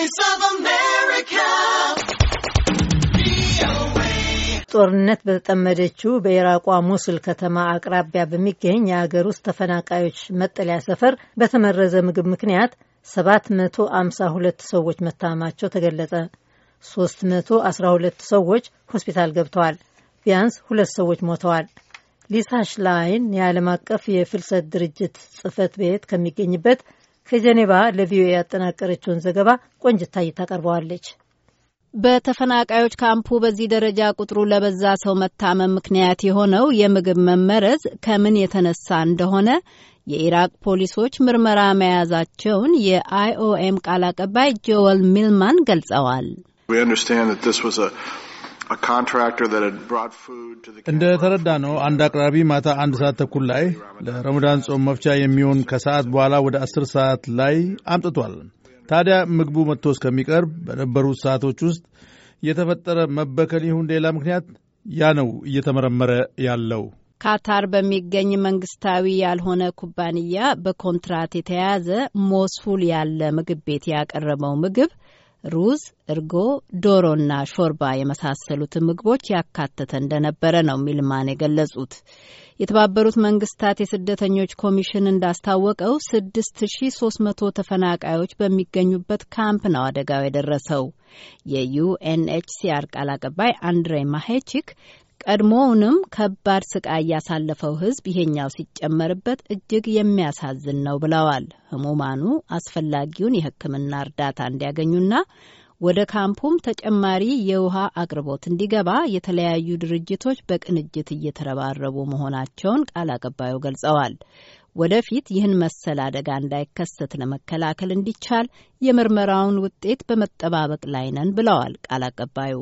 Voice of America. ጦርነት በተጠመደችው በኢራቋ ሙስል ከተማ አቅራቢያ በሚገኝ የአገር ውስጥ ተፈናቃዮች መጠለያ ሰፈር በተመረዘ ምግብ ምክንያት 752 ሰዎች መታመማቸው ተገለጸ። 312 ሰዎች ሆስፒታል ገብተዋል። ቢያንስ ሁለት ሰዎች ሞተዋል። ሊሳ ሽላይን የዓለም አቀፍ የፍልሰት ድርጅት ጽህፈት ቤት ከሚገኝበት ከጀኔቫ ለቪኦኤ ያጠናቀረችውን ዘገባ ቆንጅታይ ታቀርበዋለች። በተፈናቃዮች ካምፑ በዚህ ደረጃ ቁጥሩ ለበዛ ሰው መታመም ምክንያት የሆነው የምግብ መመረዝ ከምን የተነሳ እንደሆነ የኢራቅ ፖሊሶች ምርመራ መያዛቸውን የአይኦኤም ቃል አቀባይ ጆወል ሚልማን ገልጸዋል። እንደ ተረዳ ነው አንድ አቅራቢ ማታ አንድ ሰዓት ተኩል ላይ ለረመዳን ጾም መፍቻ የሚሆን ከሰዓት በኋላ ወደ አስር ሰዓት ላይ አምጥቷል። ታዲያ ምግቡ መጥቶ እስከሚቀርብ በነበሩት ሰዓቶች ውስጥ የተፈጠረ መበከል ይሁን ሌላ ምክንያት ያ ነው እየተመረመረ ያለው። ካታር በሚገኝ መንግስታዊ ያልሆነ ኩባንያ በኮንትራት የተያያዘ ሞሱል ያለ ምግብ ቤት ያቀረበው ምግብ ሩዝ፣ እርጎ፣ ዶሮና ሾርባ የመሳሰሉትን ምግቦች ያካተተ እንደነበረ ነው ሚልማን የገለጹት። የተባበሩት መንግስታት የስደተኞች ኮሚሽን እንዳስታወቀው 6300 ተፈናቃዮች በሚገኙበት ካምፕ ነው አደጋው የደረሰው። የዩኤንኤችሲአር ቃል አቀባይ አንድሬ ማሄቺክ ቀድሞውንም ከባድ ስቃይ ያሳለፈው ህዝብ ይሄኛው ሲጨመርበት እጅግ የሚያሳዝን ነው ብለዋል። ህሙማኑ አስፈላጊውን የሕክምና እርዳታ እንዲያገኙና ወደ ካምፑም ተጨማሪ የውሃ አቅርቦት እንዲገባ የተለያዩ ድርጅቶች በቅንጅት እየተረባረቡ መሆናቸውን ቃል አቀባዩ ገልጸዋል። ወደፊት ይህን መሰል አደጋ እንዳይከሰት ለመከላከል እንዲቻል የምርመራውን ውጤት በመጠባበቅ ላይ ነን ብለዋል ቃል አቀባዩ።